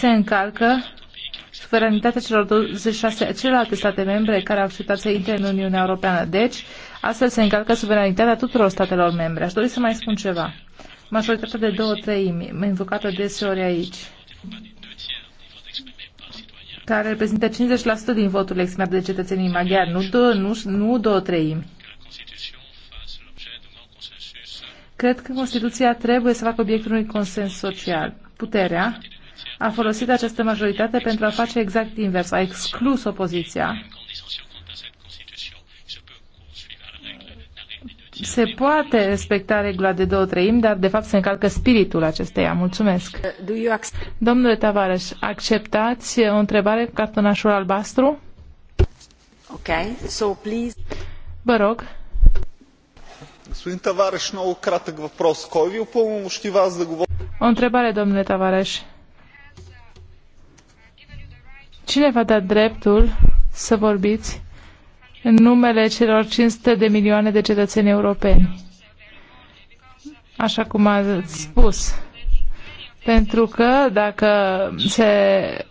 se încalcă suveranitatea celor 26 celelalte state membre care au acceptat să intre în Uniunea Europeană. Deci, astfel se încalcă suveranitatea tuturor statelor membre. Aș dori să mai spun ceva. Majoritatea de două treimi, invocată deseori aici, care reprezintă 50% din votul exprimat de cetățenii maghiari, nu două, nu, nu două treimi. Cred că Constituția trebuie să facă obiectul unui consens social. Puterea a folosit această majoritate pentru a face exact invers, a exclus opoziția. Se poate respecta regula de două treimi, dar de fapt se încalcă spiritul acesteia. Mulțumesc. Domnule Tavares, acceptați o întrebare cu cartonașul albastru? Ok, so please. Vă rog. Господин O întrebare, domnule Tavares. Cine va da dreptul să vorbiți în numele celor 500 de milioane de cetățeni europeni? Așa cum ați spus. Pentru că dacă se